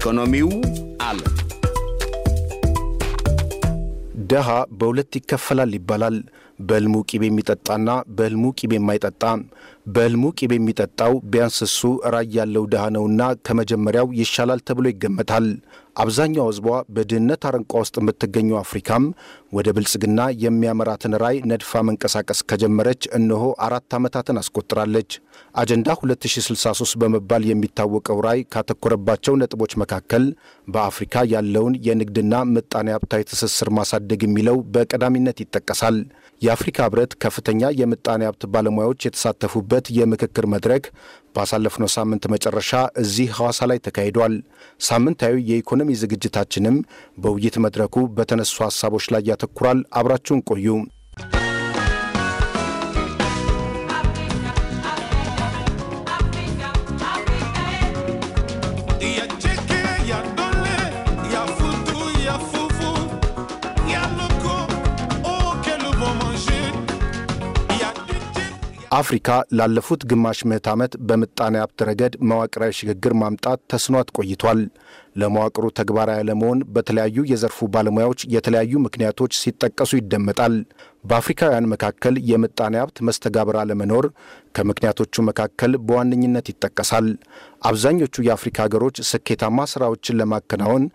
ኢኮኖሚው አለ። ደሃ በሁለት ይከፈላል ይባላል። በልሙ ቂቤ የሚጠጣና በልሙ ቂቤ የማይጠጣ በልሙ ቂቤ የሚጠጣው ቢያንስ እሱ ያለው ድሃ ነውና ከመጀመሪያው ይሻላል ተብሎ ይገመታል። አብዛኛው ህዝቧ በድህነት አረንቋ ውስጥ የምትገኘው አፍሪካም ወደ ብልጽግና የሚያመራትን ራይ ነድፋ መንቀሳቀስ ከጀመረች እነሆ አራት ዓመታትን አስቆጥራለች። አጀንዳ 2063 በመባል የሚታወቀው ራይ ካተኮረባቸው ነጥቦች መካከል በአፍሪካ ያለውን የንግድና ምጣኔ ሀብታዊ ትስስር ማሳደግ የሚለው በቀዳሚነት ይጠቀሳል። የአፍሪካ ህብረት ከፍተኛ የምጣኔ ሀብት ባለሙያዎች የተሳተፉበት የምክክር መድረክ ባሳለፍነው ሳምንት መጨረሻ እዚህ ሐዋሳ ላይ ተካሂዷል። ሳምንታዊ የኢኮኖሚ ዝግጅታችንም በውይይት መድረኩ በተነሱ ሀሳቦች ላይ ያተኩራል። አብራችሁን ቆዩ። አፍሪካ ላለፉት ግማሽ ምዕት ዓመት በምጣኔ ሀብት ረገድ መዋቅራዊ ሽግግር ማምጣት ተስኗት ቆይቷል። ለመዋቅሩ ተግባራዊ አለመሆን በተለያዩ የዘርፉ ባለሙያዎች የተለያዩ ምክንያቶች ሲጠቀሱ ይደመጣል። በአፍሪካውያን መካከል የምጣኔ ሀብት መስተጋብር አለመኖር ከምክንያቶቹ መካከል በዋነኝነት ይጠቀሳል። አብዛኞቹ የአፍሪካ ሀገሮች ስኬታማ ስራዎችን ለማከናወን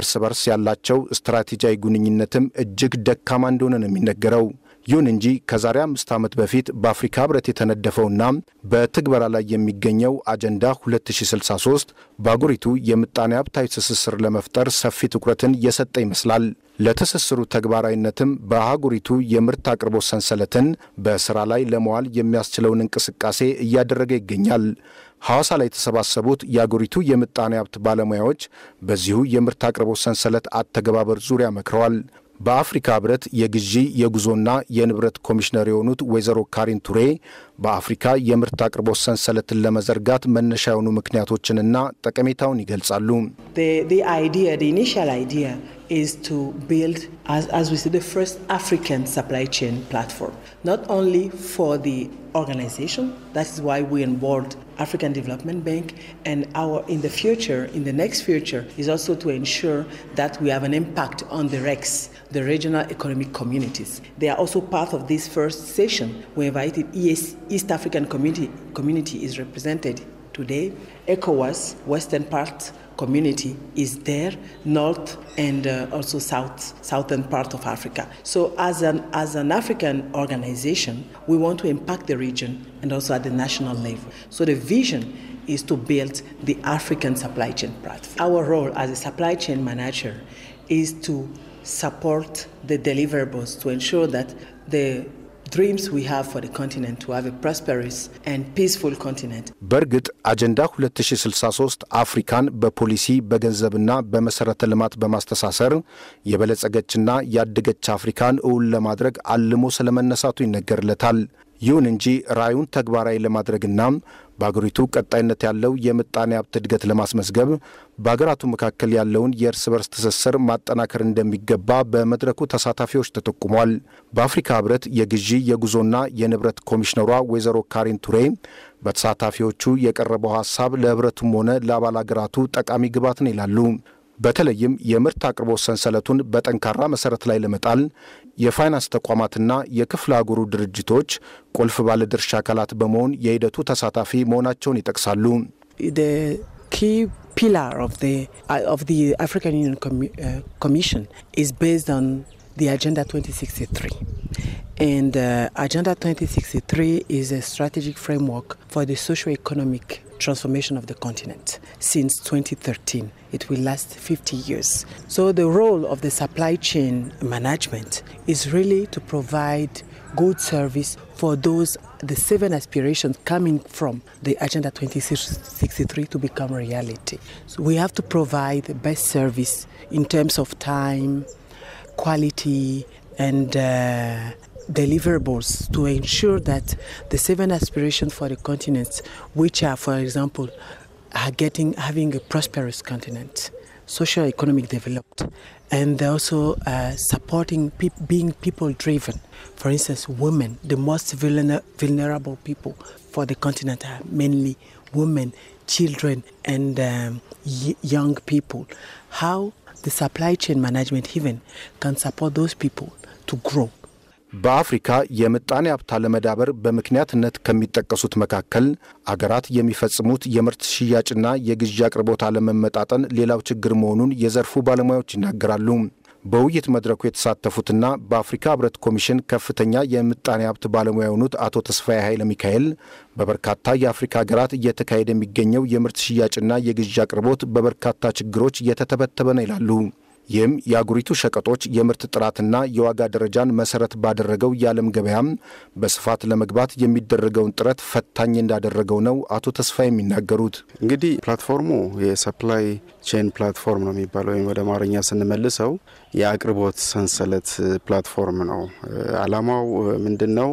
እርስ በርስ ያላቸው ስትራቴጂያዊ ግንኙነትም እጅግ ደካማ እንደሆነ ነው የሚነገረው። ይሁን እንጂ ከዛሬ አምስት ዓመት በፊት በአፍሪካ ህብረት የተነደፈውና በትግበራ ላይ የሚገኘው አጀንዳ 2063 በአጉሪቱ የምጣኔ ሀብታዊ ትስስር ለመፍጠር ሰፊ ትኩረትን የሰጠ ይመስላል። ለትስስሩ ተግባራዊነትም በአህጉሪቱ የምርት አቅርቦት ሰንሰለትን በስራ ላይ ለመዋል የሚያስችለውን እንቅስቃሴ እያደረገ ይገኛል። ሐዋሳ ላይ የተሰባሰቡት የአጉሪቱ የምጣኔ ሀብት ባለሙያዎች በዚሁ የምርት አቅርቦት ሰንሰለት አተገባበር ዙሪያ መክረዋል። በአፍሪካ ህብረት የግዢ የጉዞና የንብረት ኮሚሽነር የሆኑት ወይዘሮ ካሪን ቱሬ በአፍሪካ የምርት አቅርቦት ሰንሰለትን ለመዘርጋት መነሻ የሆኑ ምክንያቶችንና ጠቀሜታውን ይገልጻሉ። ስ organization. That is why we involved African Development Bank and our in the future, in the next future, is also to ensure that we have an impact on the RECs, the regional economic communities. They are also part of this first session. We invited ES, East African community community is represented today, ECOWAS, Western part community is there, north and uh, also south, southern part of Africa. So as an, as an African organization, we want to impact the region and also at the national level. So the vision is to build the African supply chain platform. Our role as a supply chain manager is to support the deliverables to ensure that the ድሪምስ we have for the continent በእርግጥ አጀንዳ 2063 አፍሪካን በፖሊሲ በገንዘብና በመሰረተ ልማት በማስተሳሰር የበለጸገችና ያደገች አፍሪካን እውን ለማድረግ አልሞ ስለመነሳቱ ይነገርለታል። ይሁን እንጂ ራዕዩን ተግባራዊ ለማድረግና በአገሪቱ ቀጣይነት ያለው የምጣኔ ሀብት እድገት ለማስመዝገብ በሀገራቱ መካከል ያለውን የእርስ በርስ ትስስር ማጠናከር እንደሚገባ በመድረኩ ተሳታፊዎች ተጠቁሟል። በአፍሪካ ህብረት የግዢ የጉዞና የንብረት ኮሚሽነሯ ወይዘሮ ካሪን ቱሬ በተሳታፊዎቹ የቀረበው ሀሳብ ለህብረቱም ሆነ ለአባል ሀገራቱ ጠቃሚ ግብዓት ነው ይላሉ። በተለይም የምርት አቅርቦት ሰንሰለቱን በጠንካራ መሰረት ላይ ለመጣል የፋይናንስ ተቋማትና የክፍለ አህጉሩ ድርጅቶች ቁልፍ ባለድርሻ አካላት በመሆን የሂደቱ ተሳታፊ መሆናቸውን ይጠቅሳሉ። ፒላር ኦፍ ዘ አፍሪካን ዩኒየን ኮሚሽን ኢዝ ቤዝድ ኦን the Agenda 2063. And 2063 uh, transformation of the continent since 2013. It will last 50 years. So, the role of the supply chain management is really to provide good service for those the seven aspirations coming from the agenda 2063 to become reality so we have to provide the best service in terms of time quality and uh, deliverables to ensure that the seven aspirations for the continent, which are, for example, are getting having a prosperous continent, social economic developed, and also uh, supporting pe- being people driven. For instance, women, the most vulnerable people for the continent are mainly women, children, and um, y- young people. How the supply chain management even can support those people to grow. በአፍሪካ የምጣኔ ሀብት አለመዳበር በምክንያትነት ከሚጠቀሱት መካከል አገራት የሚፈጽሙት የምርት ሽያጭና የግዢ አቅርቦት አለመመጣጠን ሌላው ችግር መሆኑን የዘርፉ ባለሙያዎች ይናገራሉ። በውይይት መድረኩ የተሳተፉትና በአፍሪካ ህብረት ኮሚሽን ከፍተኛ የምጣኔ ሀብት ባለሙያ የሆኑት አቶ ተስፋዬ ኃይለ ሚካኤል በበርካታ የአፍሪካ ሀገራት እየተካሄደ የሚገኘው የምርት ሽያጭና የግዢ አቅርቦት በበርካታ ችግሮች የተተበተበ ነው ይላሉ። ይህም የአጉሪቱ ሸቀጦች የምርት ጥራትና የዋጋ ደረጃን መሰረት ባደረገው የዓለም ገበያም በስፋት ለመግባት የሚደረገውን ጥረት ፈታኝ እንዳደረገው ነው አቶ ተስፋ የሚናገሩት። እንግዲህ ፕላትፎርሙ የሰፕላይ ቼን ፕላትፎርም ነው የሚባለው ወይም ወደ አማርኛ ስንመልሰው የአቅርቦት ሰንሰለት ፕላትፎርም ነው። አላማው ምንድን ነው?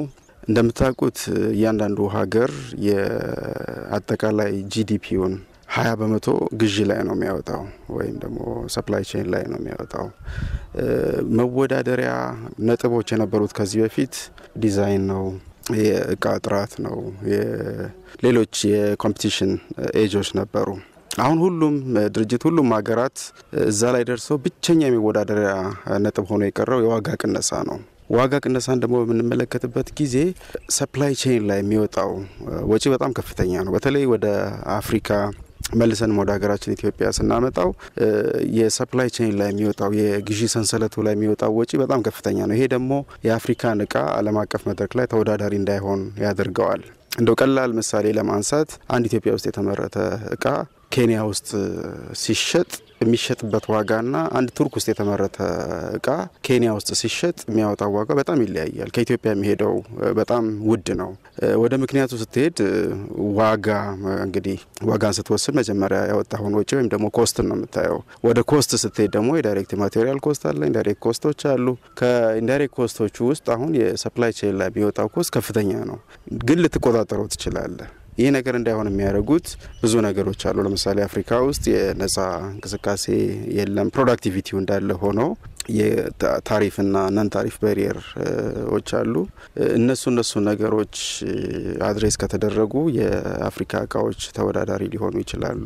እንደምታውቁት እያንዳንዱ ሀገር የአጠቃላይ ጂዲፒውን ሀያ በመቶ ግዢ ላይ ነው የሚያወጣው ወይም ደግሞ ሰፕላይ ቼን ላይ ነው የሚያወጣው። መወዳደሪያ ነጥቦች የነበሩት ከዚህ በፊት ዲዛይን ነው፣ የእቃ ጥራት ነው፣ ሌሎች የኮምፒቲሽን ኤጆች ነበሩ። አሁን ሁሉም ድርጅት ሁሉም ሀገራት እዛ ላይ ደርሰው ብቸኛ የመወዳደሪያ ነጥብ ሆኖ የቀረው የዋጋ ቅነሳ ነው። ዋጋ ቅነሳን ደግሞ በምንመለከትበት ጊዜ ሰፕላይ ቼን ላይ የሚወጣው ወጪ በጣም ከፍተኛ ነው። በተለይ ወደ አፍሪካ መልሰን ወደ ሀገራችን ኢትዮጵያ ስናመጣው የሰፕላይ ቼን ላይ የሚወጣው የግዢ ሰንሰለቱ ላይ የሚወጣው ወጪ በጣም ከፍተኛ ነው። ይሄ ደግሞ የአፍሪካን እቃ ዓለም አቀፍ መድረክ ላይ ተወዳዳሪ እንዳይሆን ያደርገዋል። እንደው ቀላል ምሳሌ ለማንሳት አንድ ኢትዮጵያ ውስጥ የተመረተ እቃ ኬንያ ውስጥ ሲሸጥ የሚሸጥበት ዋጋና አንድ ቱርክ ውስጥ የተመረተ እቃ ኬንያ ውስጥ ሲሸጥ የሚያወጣው ዋጋ በጣም ይለያያል። ከኢትዮጵያ የሚሄደው በጣም ውድ ነው። ወደ ምክንያቱ ስትሄድ ዋጋ እንግዲህ ዋጋን ስትወስድ መጀመሪያ ያወጣውን ወጪ ወይም ደግሞ ኮስትን ነው የምታየው። ወደ ኮስት ስትሄድ ደግሞ የዳይሬክት ማቴሪያል ኮስት አለ፣ ኢንዳይሬክት ኮስቶች አሉ። ከኢንዳይሬክት ኮስቶቹ ውስጥ አሁን የሰፕላይ ቼን ላይ የሚወጣው ኮስት ከፍተኛ ነው፣ ግን ልትቆጣጠረው ትችላለህ። ይህ ነገር እንዳይሆን የሚያደርጉት ብዙ ነገሮች አሉ። ለምሳሌ አፍሪካ ውስጥ የነጻ እንቅስቃሴ የለም። ፕሮዳክቲቪቲው እንዳለ ሆኖ የታሪፍና ነን ታሪፍ ባሪየሮች አሉ። እነሱ እነሱ ነገሮች አድሬስ ከተደረጉ የአፍሪካ እቃዎች ተወዳዳሪ ሊሆኑ ይችላሉ።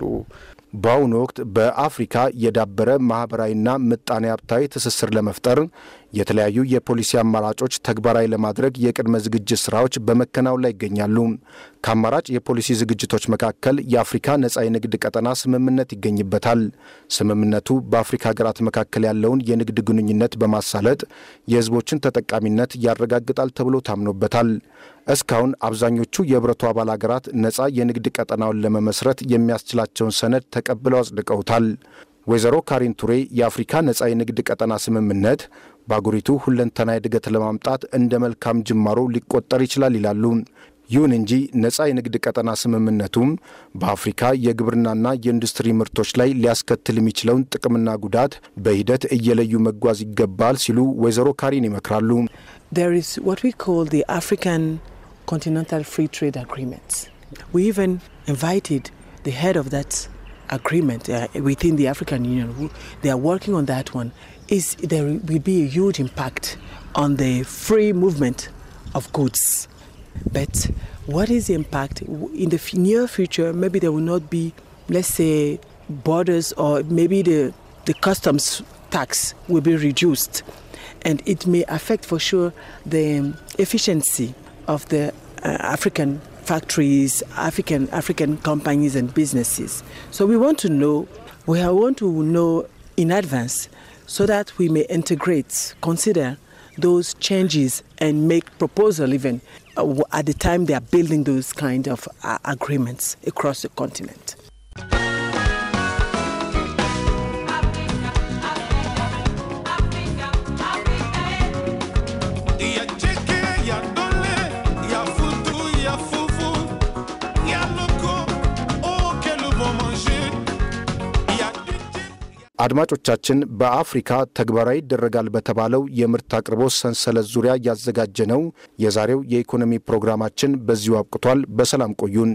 በአሁኑ ወቅት በአፍሪካ የዳበረ ማኅበራዊና ምጣኔ ሀብታዊ ትስስር ለመፍጠር የተለያዩ የፖሊሲ አማራጮች ተግባራዊ ለማድረግ የቅድመ ዝግጅት ስራዎች በመከናወን ላይ ይገኛሉ። ከአማራጭ የፖሊሲ ዝግጅቶች መካከል የአፍሪካ ነጻ የንግድ ቀጠና ስምምነት ይገኝበታል። ስምምነቱ በአፍሪካ ሀገራት መካከል ያለውን የንግድ ግንኙነት በማሳለጥ የህዝቦችን ተጠቃሚነት ያረጋግጣል ተብሎ ታምኖበታል። እስካሁን አብዛኞቹ የህብረቱ አባል ሀገራት ነጻ የንግድ ቀጠናውን ለመመስረት የሚያስችላቸውን ሰነድ ተቀብለው አጽድቀውታል። ወይዘሮ ካሪን ቱሬ የአፍሪካ ነጻ የንግድ ቀጠና ስምምነት በአገሪቱ ሁለንተና እድገት ለማምጣት እንደ መልካም ጅማሮ ሊቆጠር ይችላል ይላሉ። ይሁን እንጂ ነጻ የንግድ ቀጠና ስምምነቱም በአፍሪካ የግብርናና የኢንዱስትሪ ምርቶች ላይ ሊያስከትል የሚችለውን ጥቅምና ጉዳት በሂደት እየለዩ መጓዝ ይገባል ሲሉ ወይዘሮ ካሪን ይመክራሉ። Continental Free Trade Agreement. We even invited the head of that agreement uh, within the African Union. They are working on that one. Is there will be a huge impact on the free movement of goods. But what is the impact in the near future? Maybe there will not be, let's say, borders, or maybe the the customs tax will be reduced, and it may affect for sure the efficiency of the uh, African factories, African African companies and businesses. So we want to know, we want to know in advance, so that we may integrate, consider those changes, and make proposal even uh, at the time they are building those kind of uh, agreements across the continent. አድማጮቻችን በአፍሪካ ተግባራዊ ይደረጋል በተባለው የምርት አቅርቦት ሰንሰለት ዙሪያ ያዘጋጀ ነው የዛሬው የኢኮኖሚ ፕሮግራማችን በዚሁ አብቅቷል። በሰላም ቆዩን።